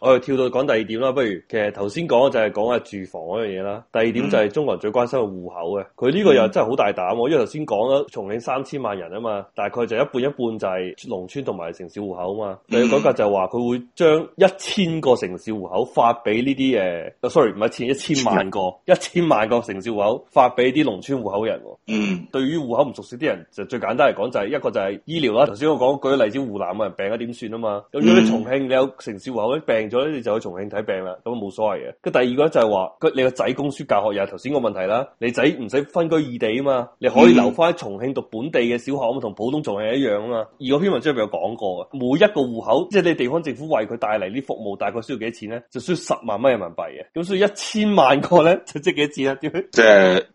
我哋跳到講第二點啦，不如其實頭先講嘅就係講下住房嗰樣嘢啦。第二點就係中國人最關心嘅戶口嘅。佢呢個又真係好大膽，哦，因為頭先講啦，重慶三千萬人啊嘛，大概就一半一半就係農村同埋城市戶口啊嘛。佢改革就係話佢會將一千個城市戶口發俾呢啲誒，sorry，唔係千一千萬個一千萬個城市戶口發俾啲農村戶口人。嗯，對於戶口唔熟悉啲人，就最簡單嚟講就係、是、一個就係醫療啦。頭先我講舉例子，湖南嘅人病咗點算啊嘛？咁如果你重慶你有城市戶口啲病。咗你就去重慶睇病啦，咁啊冇所謂嘅。跟第二個就係話，佢你個仔供書教學又係頭先個問題啦。你仔唔使分居異地啊嘛，你可以留翻喺重慶讀本地嘅小學，咁、嗯、同普通重慶一樣啊嘛。而個篇文章入邊有講過，每一個戶口即係、就是、你地方政府為佢帶嚟啲服務，大概需要幾錢咧？就需要十萬蚊人民幣嘅。咁所以一千萬個咧就即係幾多錢啊？即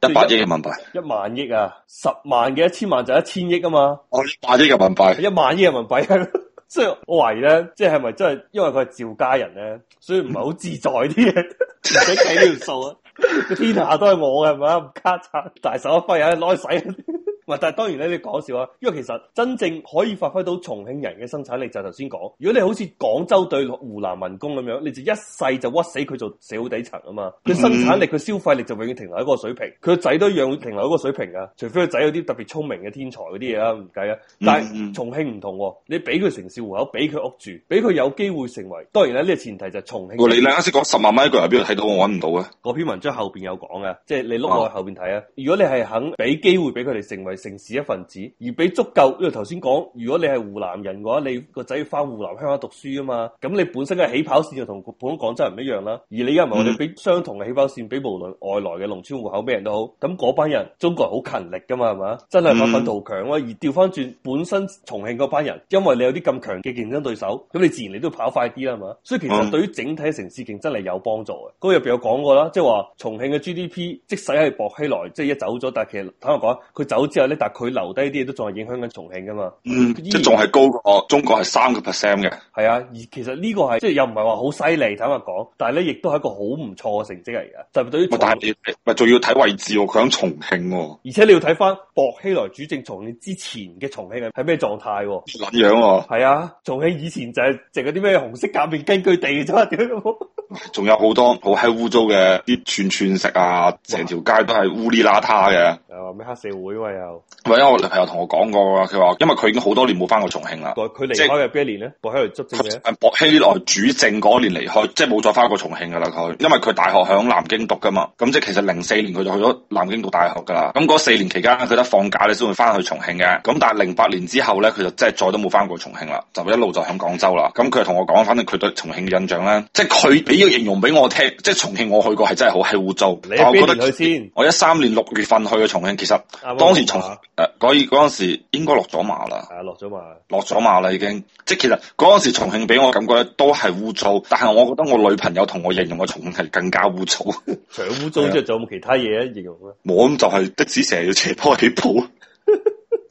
係一百億人民幣，一萬億啊，十萬嘅一千萬就一千億噶、啊、嘛？哦，一百億人民幣，一萬億人、啊、民、啊、幣。即係我懷疑咧，即係係咪真係因為佢係趙家人咧，所以唔係好自在啲嘅，唔使計呢條數啊！個天下都係我嘅，係咪啊？唔卡擦，大手一揮，攞去洗。但係當然咧，你講笑啊，因為其實真正可以發揮到重慶人嘅生產力就頭先講。如果你好似廣州對湖南民工咁樣，你就一世就屈死佢做社會底層啊嘛，佢、嗯、生產力、佢消費力就永遠停留喺一個水平，佢個仔都一樣會停留喺個水平啊。除非佢仔有啲特別聰明嘅天才嗰啲嘢啦，唔、嗯、計啊。但係重慶唔同喎，你俾佢城市戶口，俾佢屋住，俾佢有機會成為。當然咧，呢、呢個前提就係重慶。你咧啱先講十萬蚊一個人，邊度睇到我揾唔到啊？嗰篇文章後邊有講嘅，即係你碌我後邊睇啊。啊，如果你係肯俾機會俾佢哋成為。城市一份子，而俾足夠，因為頭先講，如果你係湖南人嘅話，你個仔要翻湖南鄉下讀書啊嘛，咁你本身嘅起跑線就同普通廣州人唔一樣啦。而你而家唔係我哋俾相同嘅起跑線，俾無論外來嘅農村戶口咩人都好，咁嗰班人中國人好勤力噶嘛，係咪？真係發奮圖強咯。而調翻轉本身重慶嗰班人，因為你有啲咁強嘅競爭對手，咁你自然你都跑快啲啦嘛。所以其實對於整體的城市競爭係有幫助嘅。嗰入邊有講過啦，即係話重慶嘅 GDP 即使係薄熙來，即係一走咗，但係其實坦白講，佢走之後。咧，但佢留低啲嘢都仲係影響緊重慶噶嘛？嗯，即仲係高過中國係三個 percent 嘅。係啊，而其實呢個係即係又唔係話好犀利，坦白講，但係咧亦都係一個好唔錯嘅成績嚟嘅。就別、是、對於，但係你，係仲要睇位置喎、啊？佢喺重慶、啊，而且你要睇翻薄熙來主政重慶之前嘅重慶係咩狀態？捻樣喎、啊？係啊，重慶以前就係剩啲咩紅色革命根據地咋點 仲有好多好黑污糟嘅啲串串食啊，成條街都係烏哩邋遢嘅。又話咩黑社會喎、啊、又？唔係，因為我女朋友同我講過，佢話因為佢已經好多年冇翻過重慶啦。佢離開咗幾年咧？薄熙來主政嗰年離開，即係冇再翻過重慶噶啦。佢因為佢大學響南京讀噶嘛，咁即係其實零四年佢就去咗南京讀大學噶啦。咁嗰四年期間佢得放假你先會翻去重慶嘅。咁但係零八年之後咧，佢就即係再都冇翻過重慶啦，就一路就響廣州啦。咁佢又同我講，反正佢對重慶印象咧，即係佢。你、這、要、個、形容俾我聽，即係重慶我去過係真係好係污糟。你我覺得佢先？我一三年六月份去嘅重慶，其實當時重誒，嗰嗰陣時應該落咗馬啦。係啊，落咗馬了，落咗馬啦已經。即係其實嗰陣時重慶俾我感覺都係污糟，但係我覺得我女朋友同我形容嘅重慶係更加污糟。除咗污糟之外，仲 有冇其他嘢啊？形容咧，冇咁就係的士成日要斜坡起步。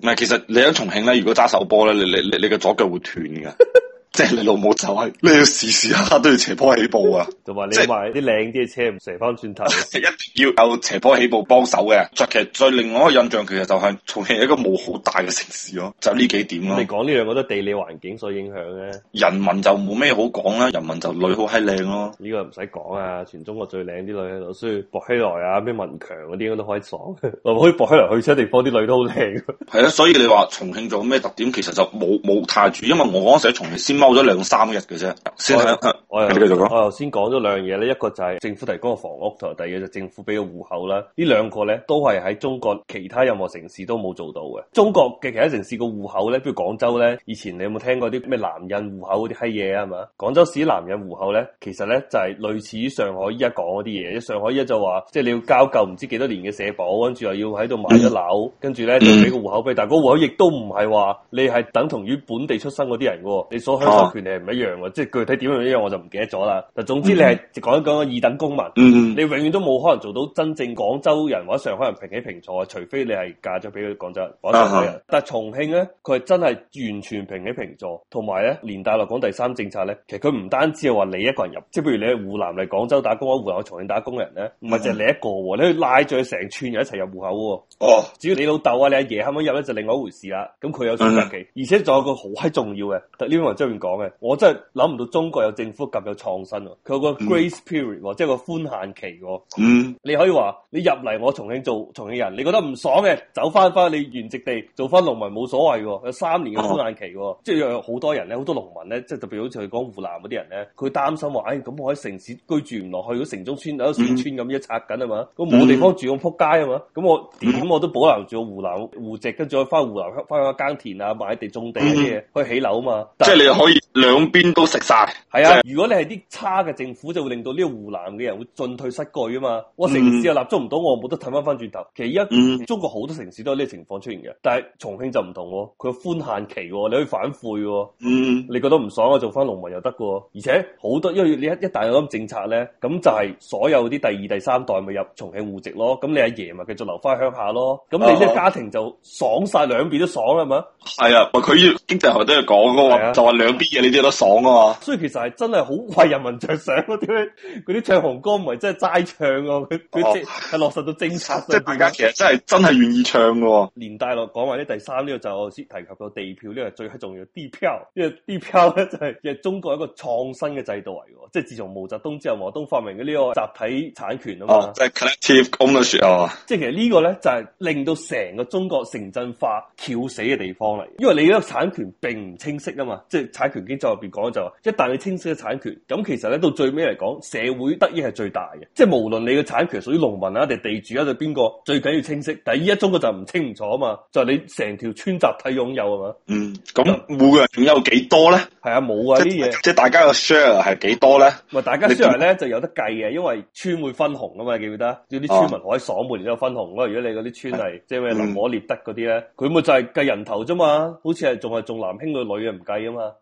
唔係，其實你喺重慶咧，如果揸手波咧，你你你你嘅左腳會斷嘅。 即係你老母走、啊，係你要時時刻刻都要斜坡起步啊，同 埋、就是、你係買啲靚啲嘅車唔斜翻轉頭， 一定要有斜坡起步幫手嘅。就其實最另外一個印象，其實就係重慶係一個冇好大嘅城市咯，就呢幾點咯、啊。你講呢兩個都地理環境所影響咧，人民就冇咩好講啦、啊，人民就女好閪靚咯，呢、這個唔使講啊，全中國最靚啲女喺度，所以薄熙來啊，咩文強嗰啲，應該都可以講，唔可以薄熙來去其他地方啲女都好靚、啊。係 啊，所以你話重慶做咩特點，其實就冇冇太住，因為我嗰時喺重慶先。包咗兩三日嘅啫，我我繼續講我頭先講咗兩樣嘢咧，一個就係政府提供個房屋，第二就政府俾個戶口啦。呢兩個咧都係喺中國其他任何城市都冇做到嘅。中國嘅其他城市個戶口咧，譬如廣州咧，以前你有冇聽過啲咩男人戶口嗰啲閪嘢啊？係嘛？廣州市男人戶口咧，其實咧就係、是、類似於上海依家講嗰啲嘢。上海依家就話，即、就、係、是、你要交夠唔知幾多年嘅社保，跟住又要喺度買咗樓，跟住咧就俾個戶口俾。但係嗰戶口亦都唔係話你係等同於本地出生嗰啲人嘅，你所啊、權利係唔一樣嘅，即係具體點樣一樣我就唔記得咗啦。但總之你係講一講二等公民，嗯嗯、你永遠都冇可能做到真正廣州人或者上海人平起平坐，除非你係嫁咗俾佢廣州人或者上海人。啊啊、但重慶咧，佢係真係完全平起平坐，同埋咧連大陸講第三政策咧，其實佢唔單止係話你一個人入，即係譬如你喺湖南嚟廣州打工，或者湖南去重慶打工人咧，唔係就你一個，啊、你去拉住成串人一齊入戶口。哦、啊，只要你老豆啊、你阿爺肯唔肯入咧，就另外一回事啦。咁佢有選擇權，而且仲有個好閪重要嘅，呢邊講嘅，我真係諗唔到中國有政府咁有創新佢、啊、有個 Grace Period，嗯、即係個寬限期喎、啊。嗯，你可以話你入嚟我重慶做重慶人，你覺得唔爽嘅，走翻翻你原籍地做翻農民冇所謂喎。有三年嘅寬限期、啊啊。即係有好多人咧，好多農民咧，即係特別好似佢講湖南嗰啲人咧，佢擔心話，哎，咁我喺城市居住唔落去，如城中村喺城村咁一拆緊啊嘛，咁、嗯、冇地方住我扑街啊嘛，咁我點我都保留住湖南戶籍，跟住去翻湖南翻去耕田啊，買地種地啲、啊、嘢，去起樓啊嘛。即、嗯、係你可以。兩邊都食晒，係啊、就是！如果你係啲差嘅政府，就會令到呢個湖南嘅人會進退失據啊嘛！嗯、我城市又立足唔到，我冇得睇翻翻轉頭。其實、嗯、中國好多城市都有呢個情況出現嘅，但係重慶就唔同、哦，佢寬限期、哦，你可以反悔、哦。嗯，你覺得唔爽啊，做翻農民又得噶，而且好多因為你一一旦有咁政策咧，咁就係所有啲第二第三代咪入重慶戶籍咯，咁你阿爺咪繼續留翻喺鄉下咯，咁你啲家庭就爽晒，兩、啊、邊都爽啦，係嘛？係啊，佢經濟學都係講噶，就話兩邊嘢。你哋都爽啊嘛！所以其實係真係好為人民着想咯，啲嗰啲唱紅歌唔係真係齋唱啊，佢佢係落實到政策、哦。即係大家其實真係真係願意唱嘅。連大落講埋啲第三呢、這個就先提及到地票呢、這個最係重要。地票呢個地票咧就係中國一個創新嘅制度嚟嘅，即、就、係、是、自從毛澤東之後，毛澤東發明嘅呢個集體產權啊嘛。即、哦、係、就是、collective ownership 啊。即係其實呢個咧就係令到成個中國城鎮化翹死嘅地方嚟，因為你呢個產權並唔清晰啊嘛，即係產權。就入邊講就話，一旦你清晰嘅產權，咁其實咧到最尾嚟講，社會得益係最大嘅。即係無論你嘅產權屬於農民啊，定地主啊，定邊個，最緊要清晰。但係依一種嘅就唔清唔楚啊嘛，就係、是、你成條村集體擁有係嘛？嗯，咁、嗯、每個人仲有幾多咧？係啊，冇啊啲嘢，即係大家嘅 share 係幾多咧？大家 share 咧就有得計嘅，因為村會分紅啊嘛，記唔記得？要啲村民可以爽，門然之後分紅咯、啊。如果你嗰啲村係、嗯、即係咩林可獵德嗰啲咧，佢咪就係計人頭啫嘛？好似係仲係重男輕女女唔計啊嘛？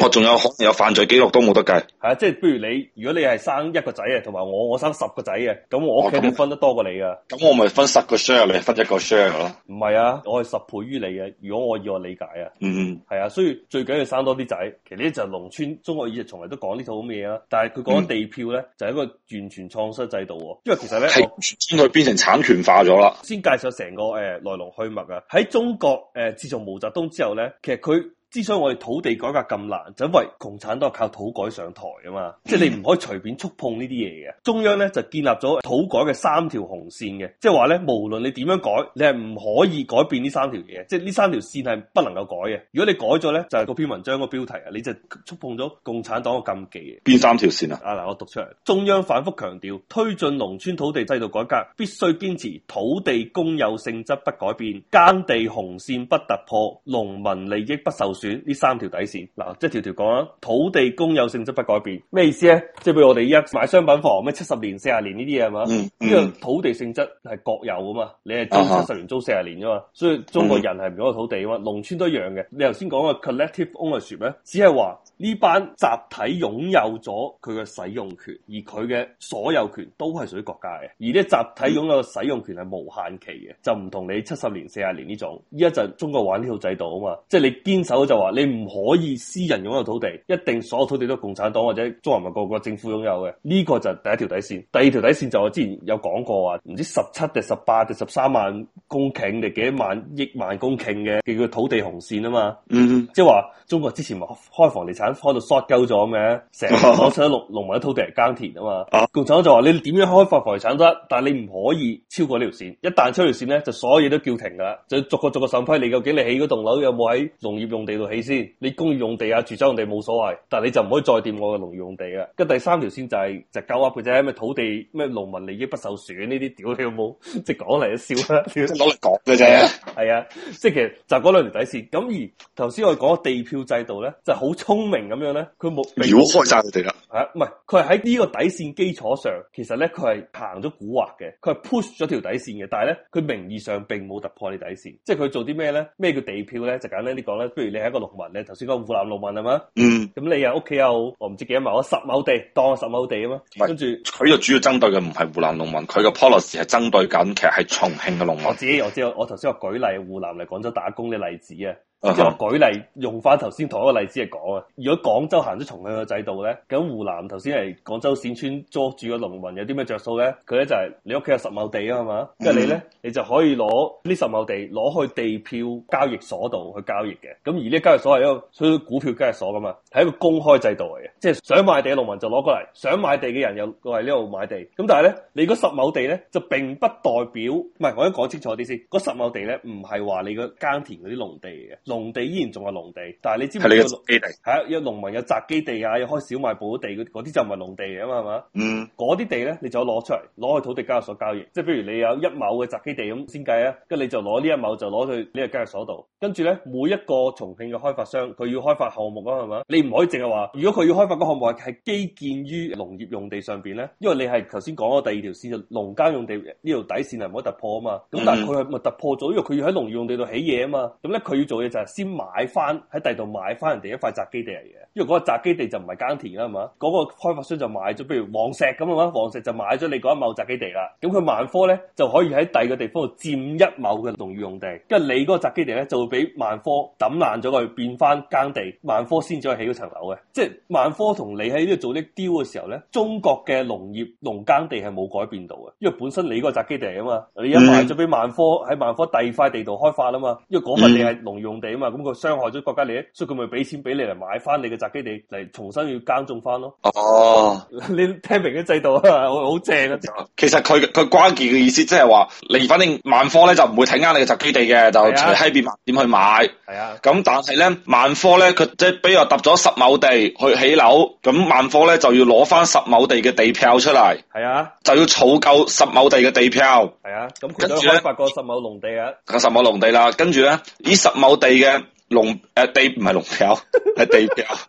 我仲、哦、有可能有犯罪記錄都冇得計。係啊，即係，不如你，如果你係生一個仔啊，同埋我，我生十個仔嘅，咁我屋企、哦、分得多過你噶。咁我咪分十個 share，你分一個 share 咯。唔係啊，我係十倍於你嘅。如果我以我理解啊，嗯，嗯，係啊，所以最緊要生多啲仔。其實呢就係農村中國以嚟從嚟都講呢套咁嘅嘢啦。但係佢講地票咧、嗯，就一、是、個完全創新制度。因為其實咧，係先去變成產權化咗啦。先介紹成個誒來龍去脈啊。喺中國誒、呃，自從毛澤東之後咧，其實佢。之所以我哋土地改革咁難，就因為共產黨靠土改上台啊嘛，即係你唔可以隨便觸碰呢啲嘢嘅。中央咧就建立咗土改嘅三條紅線嘅，即係話咧，無論你點樣改，你係唔可以改變呢三條嘢，即係呢三條線係不能夠改嘅。如果你改咗咧，就係、是、嗰篇文章個標題啊，你就觸碰咗共產黨嘅禁忌。邊三條線啊？啊嗱，我讀出嚟，中央反覆強調，推進農村土地制度改革必須堅持土地公有性質不改變，耕地紅線不突破，農民利益不受轉呢三條底線嗱，即係條條講啦。土地公有性質不改變，咩意思咧？即係譬如我哋依家買商品房咩七十年、四十年呢啲嘢係嘛？呢、嗯、個、嗯、土地性質係國有啊嘛，你係租七十年租四十年啫嘛、嗯，所以中國人係唔攞土地嘅嘛，農村都一樣嘅。你頭先講個 collective ownership 咩？只係話。呢班集體擁有咗佢嘅使用權，而佢嘅所有權都係屬於國家嘅。而呢集體擁有嘅使用權係無限期嘅，就唔同你七十年、四十年呢種。依家就中國玩呢套制度啊嘛，即係你堅守就話你唔可以私人擁有土地，一定所有土地都係共產黨或者中華民國個政府擁有嘅。呢個就係第一條底線。第二條底線就我之前有講過啊，唔知十七定十八定十三萬公頃定幾萬億萬公頃嘅叫土地紅線啊嘛。嗯，即係話。中國之前咪開房地產開到 short 鳩咗嘅，成個鄉村都農農民土地耕田啊嘛。共產黨就話你點樣開發房地產得，但係你唔可以超過呢條線，一旦超條線咧，就所有嘢都叫停㗎。就逐個逐個審批，你究竟你起嗰棟樓有冇喺農業用地度起先？你工業用地啊、住宅用地冇所謂，但係你就唔可以再掂我嘅農業用地㗎。咁第三條線就係、是、就鳩啊佢啫，咩土地咩農民利益不受損呢啲屌你有冇？即 係 講嚟一笑啦，攞嚟講嘅啫。係啊，即係其實就嗰兩條底線。咁而頭先我哋講地票。制度咧就係好聰明咁樣咧，佢冇妖開晒佢哋啦吓，唔係佢係喺呢個底線基礎上，其實咧佢係行咗蠱惑嘅，佢係 push 咗條底線嘅，但係咧佢名義上並冇突破呢底線，即係佢做啲咩咧？咩叫地票咧？就簡單啲講咧，譬如你係一個農民，你頭先個湖南農民係嘛？嗯，咁你又屋企有我唔知幾多畝，十畝地當十畝地咁嘛。跟住佢就主要針對嘅唔係湖南農民，佢個 policy 係針對緊，其實係重慶嘅農民。我自己又知，我我頭先我舉例湖南嚟廣州打工嘅例子啊。即係我舉例，用翻頭先同一個例子嚟講啊！如果廣州行咗重慶嘅制度咧，咁湖南頭先係廣州冼村捉住嘅農民有啲咩著數咧？佢咧就係你屋企有十畝地啊嘛，即係你咧，你就可以攞呢十畝地攞去地票交易所度去交易嘅。咁而呢個交易所係一個，佢股票交易所噶嘛，係一個公開制度嚟嘅，即係想賣地嘅農民就攞過嚟，想買地嘅人又過嚟呢度買地。咁但係咧，你嗰十畝地咧就並不代表，唔係我先講清楚啲先，嗰十畝地咧唔係話你個耕田嗰啲農地嘅。農地依然仲係農地，但係你知唔知有農基地？係啊，有農民有宅基地啊，有開小賣部地嗰啲就唔係農地嘅嘛，係嘛？嗯，嗰啲地咧，你就攞出嚟，攞去土地交易所交易。即係譬如你有一畝嘅宅基地咁先計啊，跟住你就攞呢一畝就攞去呢個交易所度。跟住咧，每一個重慶嘅開發商佢要開發項目啊，係嘛？你唔可以淨係話，如果佢要開發個項目係基建於農業用地上邊咧，因為你係頭先講咗第二條線就農、是、間用地呢條底線係唔可以突破啊嘛。咁、嗯、但係佢係咪突破咗？因為佢要喺農業用地度起嘢啊嘛。咁咧佢要做嘢就係先買翻喺第度買翻人哋一塊宅基地嚟嘅，因為嗰個宅基地就唔係耕田啦，係嘛？嗰個開發商就買咗，譬如黃石咁啊嘛，黃石就買咗你嗰一畝宅基地啦。咁佢萬科咧就可以喺第二個地方度佔一畝嘅農業用地，跟住你嗰個宅基地咧就會俾萬科抌爛咗佢，變翻耕地，萬科先至再起嗰層樓嘅。即係萬科同你喺呢度做啲雕嘅時候咧，中國嘅農業農耕地係冇改變到嘅，因為本身你嗰個宅基地啊嘛，你一賣咗俾萬科喺萬科第二塊地度開發啦嘛，因為嗰塊地係農用。地啊嘛，咁佢傷害咗國家利益，所以佢咪俾錢俾你嚟買翻你嘅宅基地嚟重新要耕種翻咯。哦， 你聽明嘅制度啊， 好正啊，其實佢佢關鍵嘅意思即係話，你反正萬科咧就唔會睇啱你嘅宅基地嘅，就隨閪便買點、啊、去買。係啊，咁但係咧萬科咧，佢即係俾我揼咗十畝地去起樓，咁萬科咧就要攞翻十畝地嘅地票出嚟。係啊，就要儲夠十畝地嘅地票。係啊，咁跟住咧發過十畝農地啊，十畝農地啦，跟住咧呢十畝地。你嘅農誒地唔係農票，係地票，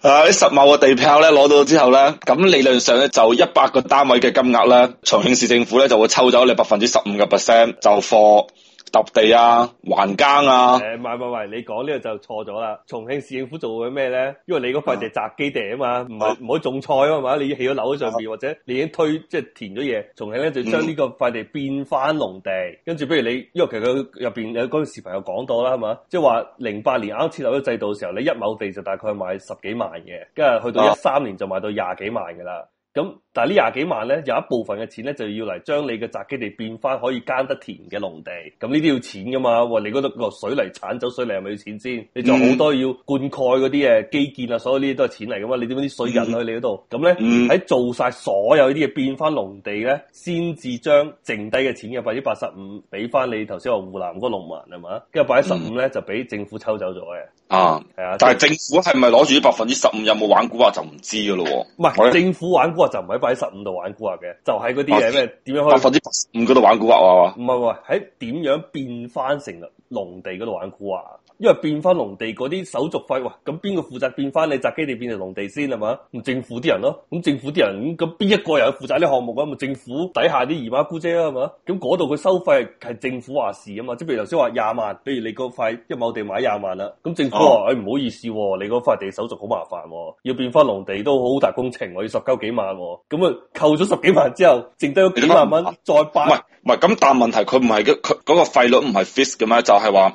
啊，啲十畝嘅地票咧攞到之後咧，咁理論上咧就一百個單位嘅金額咧，重慶市政府咧就會抽走你百分之十五嘅 percent 就貨。揼地啊，還耕啊！誒、哎，唔係唔係，你講呢個就錯咗啦。重慶市政府做咗咩咧？因為你個塊地宅基地啊嘛，唔係唔好種菜啊嘛，你已經起咗樓喺上邊，嗯，或者你已經推即係、就是、填咗嘢，重慶咧就將呢個塊地變翻農地，跟住不如你，因為其實佢入邊有嗰個朋友有講到啦，係嘛，即係話零八年啱設立咗制度嘅時候，你一畝地就大概賣十幾萬嘅，跟住去到一三年就賣到廿幾萬噶啦。咁但係呢廿幾萬咧，有一部分嘅錢咧就要嚟將你嘅宅基地變翻可以耕得田嘅農地，咁呢啲要錢噶嘛？你嗰度個水泥鏟走水泥係咪要錢先？你仲好多要灌溉嗰啲誒基建啊，所有呢啲都係錢嚟噶嘛？你點樣啲水引去你嗰度？咁咧喺做晒所有呢啲嘢變翻農地咧，先至將剩低嘅錢嘅百分之八十五俾翻你頭先話湖南嗰個農民係嘛？跟住，百分之十五咧就俾政府抽走咗嘅。啊，係啊，但係政府係咪攞住，呢百分之十五有冇玩股啊？就唔知噶咯。唔係政府玩股。就唔係擺喺十五度玩蠱惑嘅，就喺嗰啲嘢咩？點樣，啊，開？百分之五嗰度玩蠱惑啊？唔係唔係喺點樣變翻成農地嗰度玩蠱惑？因為變翻農地嗰啲手續費，哇！咁邊個負責變翻你宅基地變成農地先係嘛？唔政府啲人咯，咁政府啲人咁邊一個人負責呢個項目咁？咪政府底下啲姨媽姑姐啊？係嘛？咁嗰度佢收費係政府話事啊嘛，即係譬如頭先話廿萬，譬如你嗰塊一畝地買廿萬啦，咁政府話，哦，哎唔好意思，哦，你嗰塊地手續好麻煩，哦，要變翻農地都好大工程，我要十幾萬，哦，咁啊扣咗十幾萬之後，剩低幾萬蚊再辦。唔係唔係，咁但問題佢唔係佢嗰個費率唔係 fix 嘅咩？就係、是、話、啊，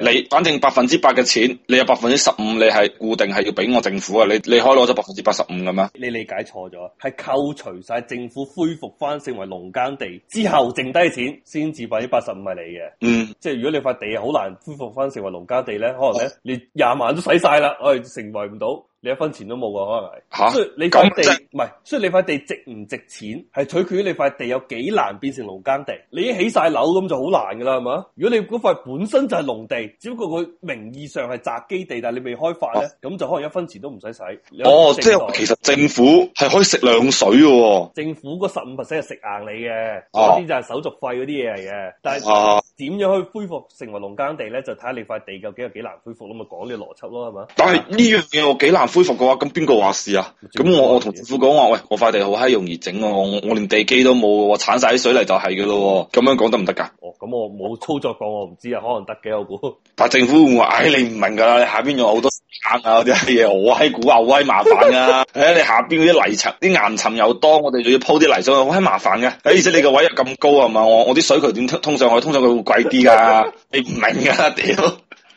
你反正。百分之八嘅錢，你有百分之十五，你係固定係要俾我政府啊？你你可以攞咗百分之八十五嘅嘛。你理解錯咗，係扣除晒政府恢復翻成為農耕地之後剩，剩低錢先至百分之八十五係你嘅。嗯，即係如果你塊地好難恢復翻成為農耕地咧，可能咧你廿萬都使晒啦，我哋成為唔到。你一分錢都冇噶，可能係吓、啊，所以你塊地唔係、啊就是，所以你塊地值唔值錢，係取決於你塊地有幾難變成農耕地。你起晒樓咁，就好難噶啦，係嘛？如果你嗰塊本身就係農地，只不過佢名義上係宅基地，但係你未開發咧，咁、啊、就可能一分錢都唔使使。哦，即係其實政府係可以食兩水噶、哦。政府嗰十五 percent 係食硬你嘅，嗰、啊、啲就係手續費嗰啲嘢嚟嘅。但係點、啊、樣去恢復成為農耕地咧？就睇下你塊地究竟有幾難恢復，咁咪講呢個邏輯咯，係嘛？但係呢、嗯、樣嘢我幾難。恢復嘅話，咁邊個話事啊？咁我我同政府講話，喂，我塊地好閪容易整、啊，我我我連地基都冇，鏟晒啲水泥就係嘅咯。咁樣講得唔得噶？哦，咁我冇操作過，我唔知啊，可能得嘅，我估。但政府會話，唉、哎，你唔明噶啦，你下邊仲有好多石啊嗰啲閪嘢，我閪估啊，好閪麻煩啊！唉、啊 哎，你下邊嗰啲泥層、啲岩層又多，我哋仲要鋪啲泥上去，好閪麻煩嘅、啊。唉，而且你個位又咁高啊嘛，我我啲水渠點通上去，通上去會貴啲噶，你唔明啊？屌、 啊！即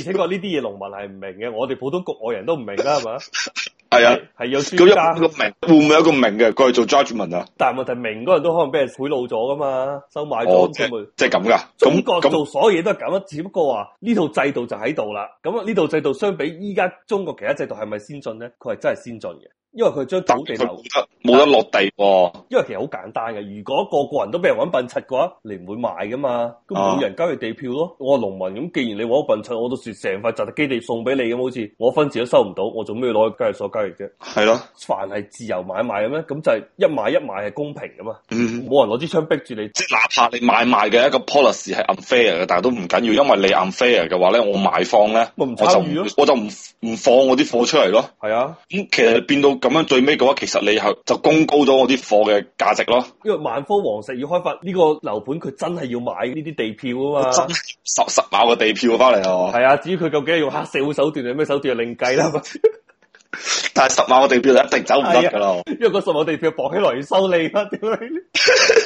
係，的而呢啲嘢農民係唔明嘅，我哋普通局外人都唔明啦，係嘛？係、哎、啊，係有專家明，會唔會有一個明嘅過去做 j u d g man 啊？但係問題，明嗰人都可能俾人賄賂咗噶嘛，收買咗咁、哦、即係咁噶？中國做所有嘢都係咁，只不過話呢套制度就喺度啦。咁啊，呢套制度相比依家中國其他制度係咪先進咧？佢係真係先進嘅。因為佢將土地冇得冇得落地喎、哦。因為其實好簡單嘅，如果個個人都俾人揾笨柒嘅話，你唔會賣噶嘛。咁冇人交易地票咯。啊、我農民，咁既然你揾笨柒，我都算成塊宅地基地送俾你咁，好似我分錢都收唔到，我做咩攞去交易所交易啫？係咯。凡係自由買賣嘅咩？咁就係一買一賣係公平噶嘛。冇、嗯、人攞支槍逼住你。即係哪怕你買賣嘅一個 policy 係 unfair 嘅，但係都唔緊要，因為你 unfair 嘅話咧，我買放咧、啊，我就我就唔唔放我啲貨出嚟咯。係啊。咁其實變到。咁樣最尾嘅話，其實你係就供高咗我啲貨嘅價值咯。因為萬科、王石要開發呢、這個樓盤，佢真係要買呢啲地票啊嘛。真十十畝嘅地票翻嚟啊！係啊，至於佢究竟係用黑社會手段定咩手段，去另計啦。但係十畝嘅地票就一定走唔得噶咯，因為嗰十畝地票綁起嚟要收利啊！點解？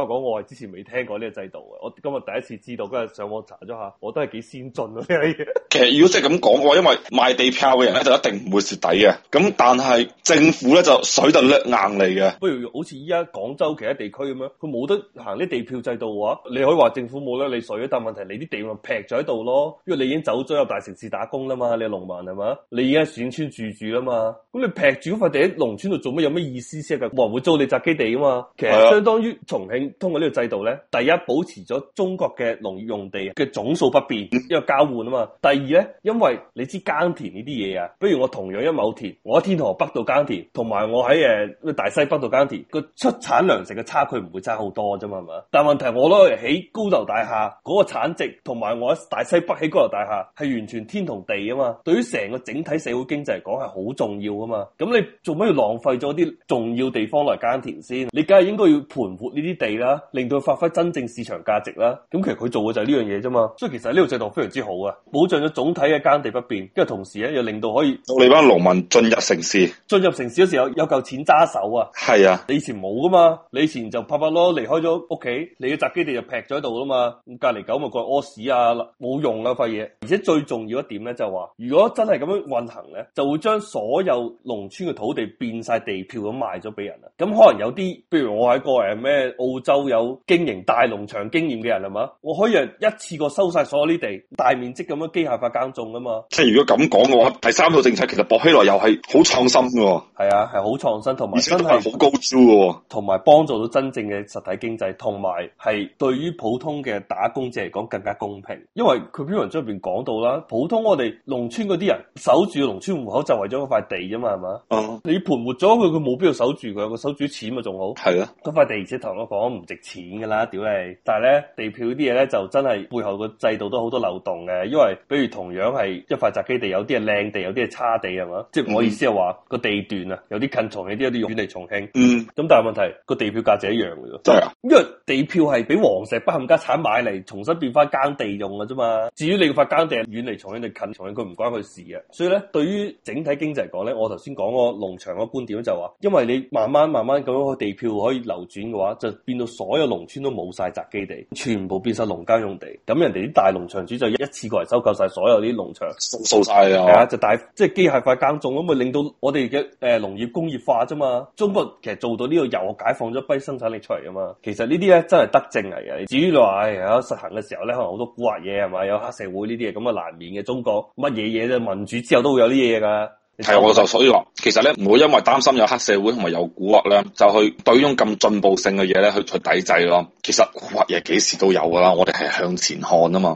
我講我係之前未聽過呢個制度嘅，我今日第一次知道，今日上網查咗下，我都係幾先進啊！呢啲嘢，其實如果即係咁講嘅話，因為賣地票嘅人咧就一定唔會蝕底嘅。咁但係政府咧就水得叻硬嚟嘅。不如好似依家廣州其他地區咁樣，佢冇得行啲地票制度嘅話，你可以話政府冇甩你水，但問題你啲地咪劈咗喺度咯？因為你已經走咗入大城市打工啦嘛，你係農民係嘛？你依家選村住住啦嘛？咁你劈住塊地喺農村度做咩？有咩意思先？噶，冇人會租你宅基地啊嘛。其實相當於重慶。通過呢個制度咧，第一保持咗中國嘅農業用地嘅總數不變，一個交換啊嘛。第二咧，因為你知耕田呢啲嘢啊，不如我同樣一畝田，我喺天河北度耕田，同埋我喺誒大西北度耕田，個出產糧食嘅差距唔會差好多啫嘛，係嘛？但係問題我攞嚟起高樓大廈，嗰個產值同埋我喺大西北起高樓大廈係完全天同地啊嘛。對於成個整體社會經濟嚟講係好重要啊嘛。咁你做乜要浪費咗啲重要地方嚟耕田先？你梗係應該要盤活呢啲地。啦，令到佢發揮真正市場價值啦。咁其實佢做嘅就係呢樣嘢啫嘛。所以其實呢個制度非常之好啊，保障咗總體嘅耕地不變。跟住同時咧，又令到可以嚟你班農民進入城市，進入城市嘅時候有嚿錢揸手啊。係啊，你以前冇㗎嘛？你以前就拍拍攞離開咗屋企，你嘅宅基地就劈咗喺度啊嘛。咁隔離狗咪過屙屎啊，冇用啦塊嘢。而且最重要一點咧、就係，就話如果真係咁樣運行咧，就會將所有農村嘅土地變晒地票咁賣咗俾人啊。咁可能有啲，譬如我喺、嗰個誒咩澳。澳洲有經營大農場經驗嘅人係嘛？我可以讓一次過收晒所有呢地，大面積咁樣機械化耕種啊嘛。即係如果咁講嘅話，第三套政策其實薄熙來又係好創新嘅。係啊，係好創新，同埋真係好高招嘅，同埋幫助到真正嘅實體經濟，同埋係對於普通嘅打工者嚟講更加公平。因為佢篇文章入邊講到啦，普通我哋農村嗰啲人守住農村戶口就為咗嗰塊地啫嘛，係嘛、嗯？你盤活咗佢，佢冇必要守住佢，佢守住錢咪仲好。係啊，嗰塊地只同我講。我唔值錢噶啦，屌你！但係咧，地票啲嘢咧就真係背後個制度都好多漏洞嘅，因為比如同樣係一塊宅基地，有啲係靚地，有啲係差地係嘛？即係、嗯就是、我意思係話個地段啊，有啲近重慶啲，有啲遠離重慶。咁但係問題個地票價值一樣嘅啫，係啊，因為地票係俾黃石不恨家產買嚟，重新變翻耕地用嘅啫嘛。至於你塊耕地遠離重慶定近重慶，佢唔關佢事嘅。所以咧，對於整體經濟嚟講咧，我頭先講個農場個觀點就話，因為你慢慢慢慢咁個地票可以流轉嘅話，就。見到所有農村都冇晒宅基地，全部變晒農耕用地，咁人哋啲大農場主就一次過嚟收購晒所有啲農場，掃晒啊！係啊，就大即係機械化耕種咁，咪令到我哋嘅誒農業工業化啫嘛。中國其實做到呢個又解放咗一批生產力出嚟㗎嘛。其實這些呢啲咧真係德政嚟、啊、嘅。至於你話吓實行嘅時候咧，可能好多古惑嘢係咪？有黑社會呢啲嘢咁啊，難免嘅。中國乜嘢嘢咧，民主之後都會有啲嘢噶。係，我就所以話，其實咧唔會因為擔心有黑社會同埋有蠱惑咧，就去對種咁進步性嘅嘢咧去去抵制咯。其實蠱惑嘢幾時都有噶啦，我哋係向前看啊嘛。